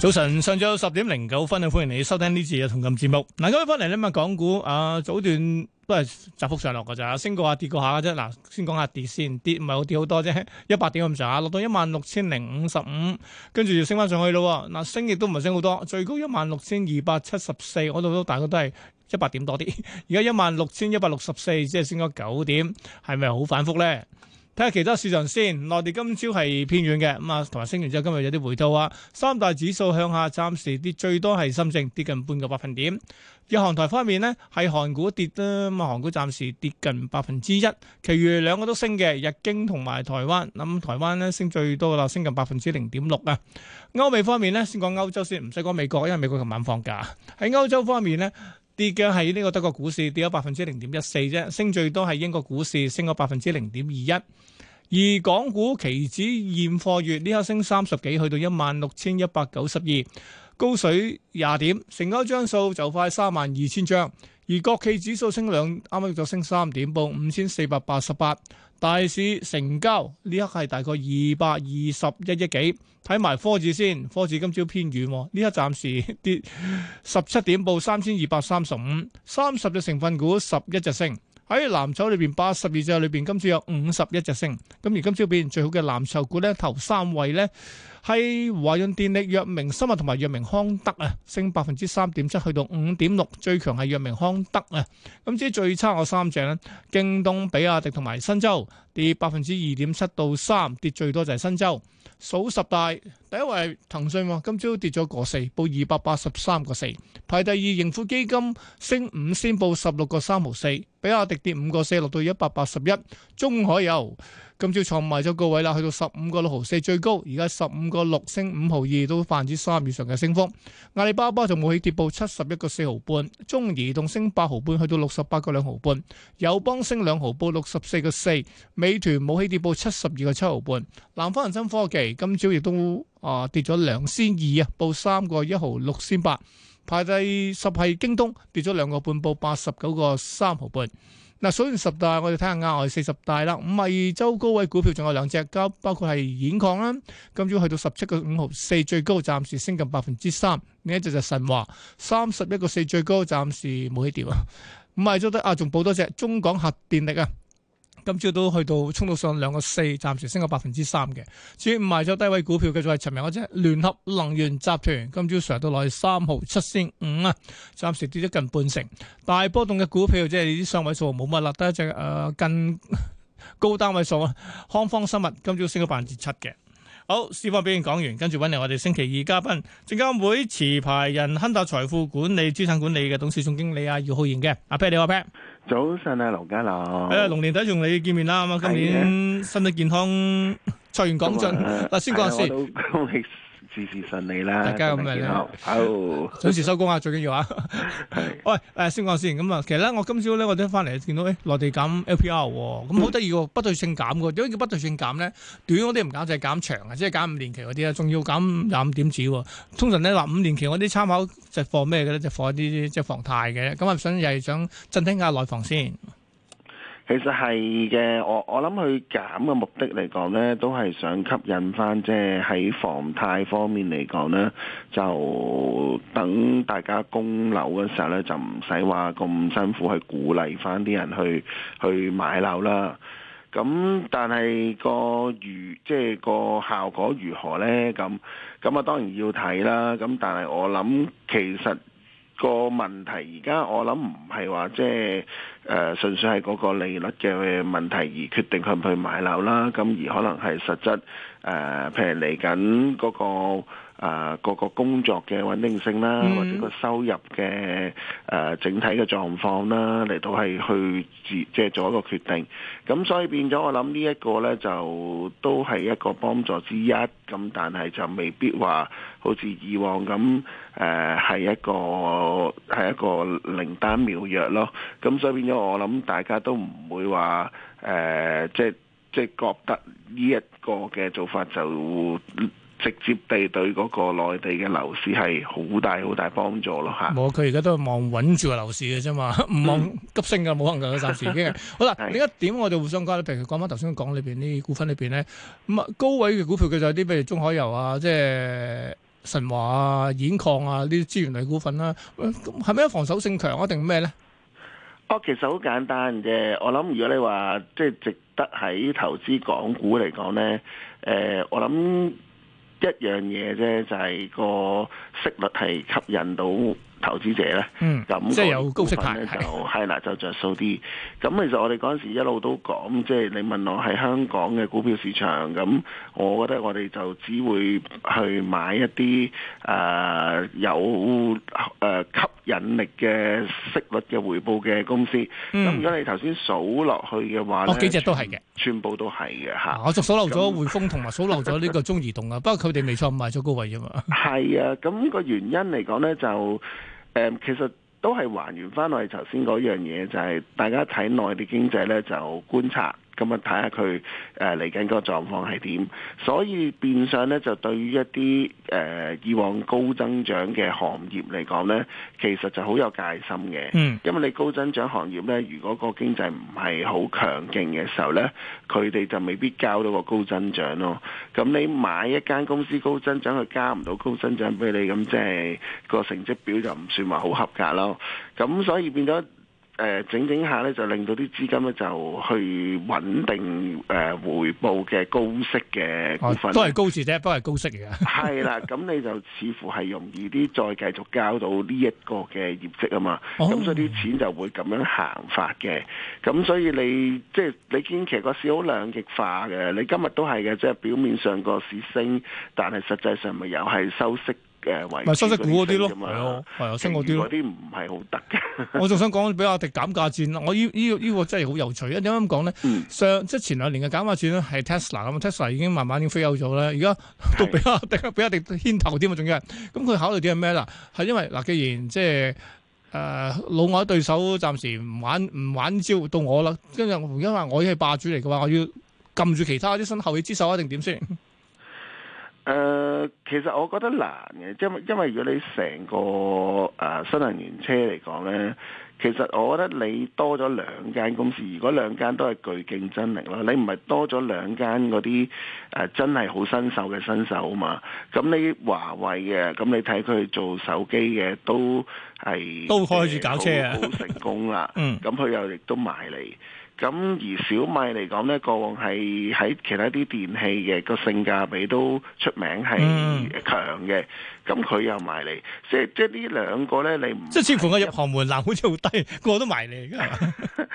早晨，上晝十點零九分啊，歡迎你收聽呢次嘅同金節目。嗱、啊，今日翻嚟呢咁啊，港股啊早段都係窄幅上落嘅咋，升過下，跌過下嘅啫。嗱、啊，先講下跌先，跌唔係好跌好多啫，一百點咁上下，落到一萬六千零五十五，跟住就升翻上去咯。嗱、啊，升亦都唔係升好多，最高一萬六千二百七十四，我諗都大概都係一百點多啲。而家一萬六千一百六十四，即係升咗九點，係咪好反覆咧？睇下其他市場先，內地今朝係偏軟嘅，咁啊同埋升完之後今日有啲回吐啊。三大指數向下，暫時跌最多係深證跌近半個百分點。日韓台方面呢，係韓股跌啦，咁、嗯、啊韓股暫時跌近百分之一，其餘兩個都升嘅，日經同埋台灣。咁、嗯、台灣呢，升最多啦，升近百分之零點六啊。歐美方面呢，先講歐洲先，唔使講美國，因為美國琴晚放假。喺歐洲方面呢。跌嘅係呢個德國股市跌咗百分之零點一四啫，升最多係英國股市升咗百分之零點二一，而港股期指現貨月呢刻升三十幾去到一萬六千一百九十二，高水廿點，成交張數就快三萬二千張，而國企指數升兩，啱啱就升三點，報五千四百八十八。大市成交呢一刻係大概二百二十一億幾，睇埋科指先。科指今朝偏軟，呢一刻暫時跌十七點報三千二百三十五，三十隻成分股十一隻升，喺藍籌裏邊八十二隻裏邊今朝有五十一隻升，咁而今朝變最好嘅藍籌股呢，頭三位呢。係華潤電力、藥明生物同埋藥明康德啊，升百分之三點七，去到五點六。最強係藥明康德啊，咁至最差我三隻呢，京東、比亞迪同埋新洲跌百分之二點七到三，跌最多就係新洲。數十大第一位騰訊嘛，今朝跌咗個四，報二百八十三個四。排第二盈富基金升五先報十六個三毫四，比亞迪跌五個四，落到一百八十一。中海油今朝創埋咗高位啦，去到十五個六毫四最高，而家十五個六升五毫二，都百分之三以上嘅升幅。阿里巴巴就冇起跌，報七十一個四毫半。中移動升八毫半，去到六十八個兩毫半。友邦升兩毫報六十四個四。美團冇起跌，報七十二個七毫半。南方恒生科技今朝亦都啊跌咗兩仙二啊，報三個一毫六仙八。排第十係京東，跌咗兩個半，報八十九個三毫半。嗱，數完十大我哋睇下額外四十大啦，五十二周高位股票仲有兩隻，交包括係兗礦啦，今朝去到十七個五毫四最高，暫時升近百分之三。另一隻就神華三十一個四最高，暫時冇起跌啊。五十二周低啊，仲補多隻中港核電力啊。今朝都去到衝到上兩個四，暫時升咗百分之三嘅。至於賣咗低位股票嘅就係尋日嗰隻聯合能源集團，今朝上到落去三毫七仙五啊，暫時跌咗近半成。大波動嘅股票即係呢啲雙位數冇乜啦，得一隻誒、呃、更高單位數啊，康方生物今朝升咗百分之七嘅。好，市況表現講完，跟住揾嚟我哋星期二嘉賓，證監會持牌人亨達財富管理資產管理嘅董事總經理啊，姚浩然嘅，阿 Pat 你好，阿 Pat 早晨啊，劉家樂，係啊，龍、 嗯、年底同你見面啦，咁啊，今年身體健康，財源廣進，嗱、啊，先講下先。啊事事順利啦，大家咁樣啦，好、哦、準時收工啊！最緊要啊， 喂誒先講先咁啊，其實咧，我今朝咧，我哋翻嚟見到誒內地減 LPR 喎，咁好得意喎，不對稱減嘅點解叫不對稱減咧？短嗰啲唔減，就係、是、減長啊，即、就、係、是、減五年期嗰啲啊，仲要減廿五點子喎？通常咧嗱，五年期嗰啲參考就放咩嘅咧，就放、是、一啲即係房貸嘅，咁啊想又係想振聽下內房先。其實係嘅，我我諗佢減嘅目的嚟講呢，都係想吸引翻即係喺房貸方面嚟講呢，就等大家供樓嘅時候呢，就唔使話咁辛苦去鼓勵翻啲人去去買樓啦。咁但係個如即係、就是、個效果如何呢？咁咁啊當然要睇啦。咁但係我諗其實個問題，而家我諗唔係話即係誒純粹係嗰個利率嘅問題，而決定去唔去買樓啦，咁而可能係實質誒，譬如嚟緊嗰個。誒個、uh, 個工作嘅穩定性啦，或者個收入嘅誒、呃、整體嘅狀況啦，嚟到係去自即係做一個決定。咁所以變咗，我諗呢一個呢，就都係一個幫助之一。咁但係就未必話好似以往咁誒係一個係一個靈丹妙藥咯。咁所以變咗，我諗大家都唔會話誒、呃、即即覺得呢一個嘅做法就直接地對嗰個內地嘅樓市係好大好大幫助咯嚇。冇、嗯，佢而家都望穩住個樓市嘅啫嘛，唔望急升嘅，冇可能嘅，暫時已經。好啦，另一點我哋互相交流。譬如講翻頭先講裏邊啲股份裏邊咧，咁啊高位嘅股票佢就係啲譬如中海油啊，即、就、係、是、神華啊、兗礦啊呢啲資源類股份啦、啊。咁係咪防守性強啊？定咩咧？哦，其實好簡單嘅。我諗如果你話即係值得喺投資港股嚟講咧，誒、呃，我諗。一樣嘢啫，就係個息率係吸引到投資者咧。咁即係有高息帶，就係啦，就著數啲。咁其實我哋嗰陣時一路都講，即係你問我喺香港嘅股票市場，咁我覺得我哋就只會去買一啲誒有誒吸引力嘅息率嘅回報嘅公司，咁，嗯、如果你頭先數落去嘅話，我幾隻都係嘅，全部都係嘅嚇。我數數漏咗匯豐同埋數漏咗呢個中移動 啊，不過佢哋未錯賣咗高位啊嘛。係啊，咁呢個原因嚟講咧，就誒，嗯、其實都係還原翻嚟頭先嗰樣嘢，就係，是，大家睇內地經濟咧就觀察。咁啊，睇、呃、下佢誒嚟緊嗰個狀況係點，所以變相咧就對於一啲誒、呃、以往高增長嘅行業嚟講咧，其實就好有戒心嘅。嗯，因為你高增長行業咧，如果個經濟唔係好強勁嘅時候咧，佢哋就未必交到個高增長咯。咁你買一間公司高增長，佢加唔到高增長俾你，咁即係個成績表就唔算話好合格咯。咁所以變咗。誒、呃、整整下咧，就令到啲資金咧就去穩定誒、呃、回報嘅高息嘅部分。哦、都係高，高息啫，都係高息嘅。係啦，咁你就似乎係容易啲再繼續交到呢一個嘅業績啊嘛，咁、哦、所以啲錢就會咁樣行法嘅。咁、嗯、所以你即係你見其實個市好兩極化嘅，你今日都係嘅，即、就、係、是、表面上個市升，但係實際上咪又係收息。咪收息股嗰啲咯，係啊，係啊，升嗰啲咯。嗰啲唔係好得嘅。我仲想講比亞迪減價戰啦。我依依依個真係好有趣啊！點解咁講咧？上即係前兩年嘅減價戰咧、嗯，係 Tesla 咁。Tesla 已經慢慢已經飛走咗啦。而家都比亞迪比亞迪牽頭添嘛。仲要。咁佢考慮啲係咩啦？係因為嗱，既然即係誒老外對手暫時唔玩唔玩招到我啦，跟住我因為我已經係霸主嚟嘅話，我要撳住其他啲新後起之秀，一定點先？誒、呃，其實我覺得難嘅，因為因為如果你成個誒、呃、新能源車嚟講咧，其實我覺得你多咗兩間公司，如果兩間都係具競爭力咯，你唔係多咗兩間嗰啲誒真係好新手嘅新手啊嘛，咁你華為嘅，咁你睇佢做手機嘅都係都開始搞車啊，好、呃、 成功啦， 嗯，咁佢又亦都買嚟。咁而小米嚟講咧，過往係喺其他啲電器嘅個性價比都出名係強嘅，咁佢又埋嚟，即係即係呢兩個咧，你唔即係似乎我入行門檻好似好低，個都埋嚟嘅。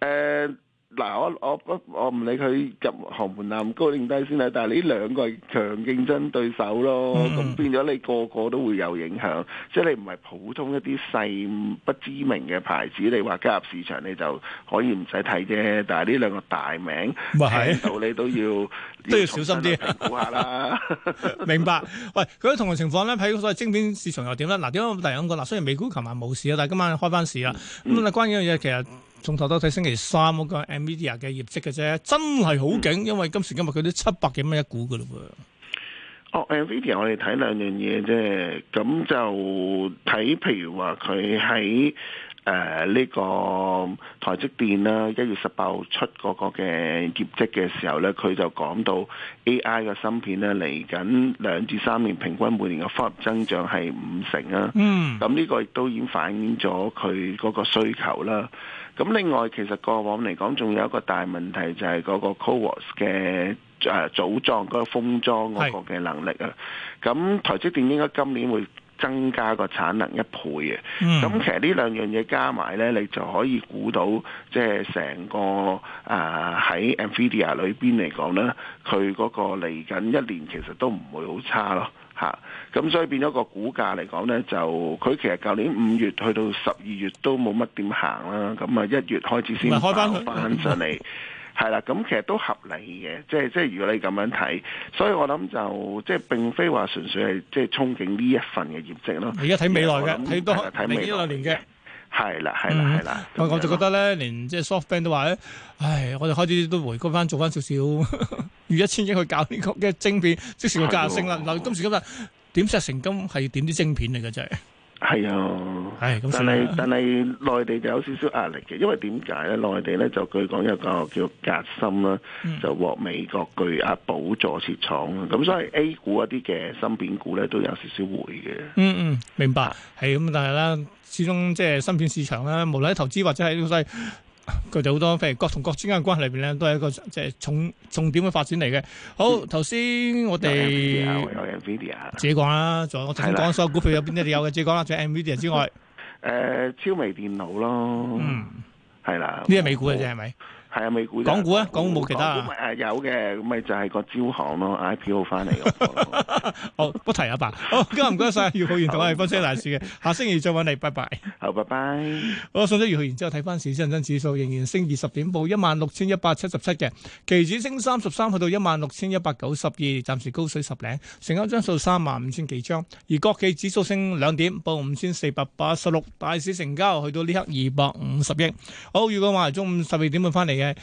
誒。嗱，我我不我唔理佢入行門檻咁高定低先啦，但係呢兩個係強競爭對手咯，咁變咗你個個都會有影響。即係你唔係普通一啲細不知名嘅牌子，你話加入市場你就可以唔使睇啫。但係呢兩個大名嚟到，你都要都要小心啲，估下啦。明白。喂，嗰啲同樣情況咧，喺所謂精品市場又點咧？嗱，點解我第二個嗱？雖然美股琴晚冇市啊，但係今晚開翻市啦。咁啊，關於呢樣嘢，其實。重頭都睇星期三嗰個 NVIDIA 嘅業績嘅啫，真係好勁，嗯、因為今時今日佢都七百幾蚊一股噶啦噃。哦，NVIDIA、oh, 我哋睇兩樣嘢啫，咁就睇譬如話佢喺。誒呢、uh, 個台積電啦，一月十八號出嗰個嘅業績嘅時候咧，佢就講到 AI 嘅芯片咧，嚟緊兩至三年平均每年嘅複合增長係五成啦。嗯，咁呢個亦都已經反映咗佢嗰個需求啦。咁另外其實過往嚟講，仲有一個大問題就係、係、嗰個 CoWoS 嘅誒組裝嗰、嗰個封裝嗰個嘅能力啊。咁是台積電應該今年會。增加個產能一倍嘅，咁、嗯、其實呢兩樣嘢加埋呢，你就可以估到即係成個啊，喺 Nvidia 裏邊嚟講呢，佢嗰個嚟緊一年其實都唔會好差咯嚇。咁、啊、所以變咗個股價嚟講呢，就佢其實舊年五月去到十二月都冇乜點行啦，咁啊一月開始先反翻上嚟。係啦，咁其實都合理嘅，即係即係如果你咁樣睇，所以我諗就即係並非話純粹係即係憧憬呢一份嘅業績咯。而家睇未來嘅，睇多零一兩年嘅。係啦、嗯，係啦，係啦、嗯。我就覺得咧，連即係 SoftBank 都話咧，唉，我哋開始都回歸翻做翻少少，逾一千億去搞呢個嘅晶片，即時是個價升啦。嗱，今時今日點石成金係點啲晶片嚟嘅就係。係啊。係，但係但係內地就有少少壓力嘅，因為點解咧？內地咧就據講有個叫格芯啦，就獲美國巨額補助設廠啦，咁所以 A 股一啲嘅芯片股咧都有少少回嘅。嗯嗯，明白。係咁，但係咧，始終即係芯片市場咧，無論係投資或者係都係。佢哋好多，譬如各同各之間嘅關係裏邊咧，都係一個即係重重點嘅發展嚟嘅。好，頭先我哋自己講啦，仲有我頭先講所有股票有邊啲有嘅， 自己講啦。除咗 NVIDIA 之外，誒、 呃，超微電腦咯，係、嗯、啦，呢啲美股嘅啫，係咪我？係啊，美股。港股咧，港股冇其他啊。啊有嘅，咪就係、是、個招行咯，IPO 翻嚟。好， 不提阿、啊、爸。好、哦，唔該晒，完同阿方 s i 事嘅。下星期再揾你，拜拜。 好，拜拜。好，上咗完之後睇翻市人升指數，仍然升二十點，報一萬六千一百七十七嘅。期指升三十三，去到一萬六千一百九十二，暫時高水十零。成交張數三萬五千幾張。而國企指數升兩點，報五千四百八十六。大市成交去到呢刻二百五十億。好，預告話嚟中午十二點去翻嚟。嘅，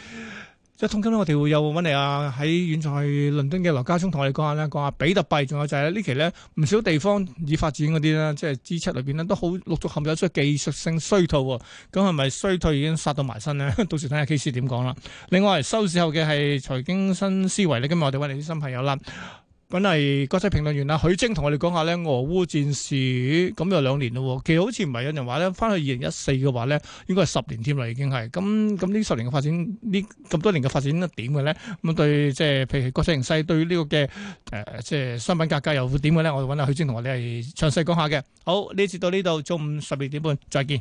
即係通今呢我哋會有揾嚟，啊喺遠在倫敦嘅羅家聰同我哋講下咧，講下比特幣，仲有就係呢期呢，唔少地方已發展嗰啲咧，即係支出裏邊呢，都好陸續陷入咗技術性衰退，咁係咪衰退已經殺到埋身呢？ 到時睇下 case 點講啦。另外收市後嘅係財經新思維咧，今日我哋揾你啲新朋友啦。揾嚟國際評論員啊，許晶同我哋講下咧，俄烏戰事咁有兩年咯，其實好似唔係，有人話咧，翻去二零一四嘅話咧，應該係十年添啦，已經係咁咁呢十年嘅發展，呢咁多年嘅發展咧點嘅咧，咁對即係譬如國際形勢，對呢個嘅誒即係商品價格，格又會點嘅咧，我哋揾阿許晶同我哋係詳細講下嘅。好，呢節到呢度，中午十二點半再見。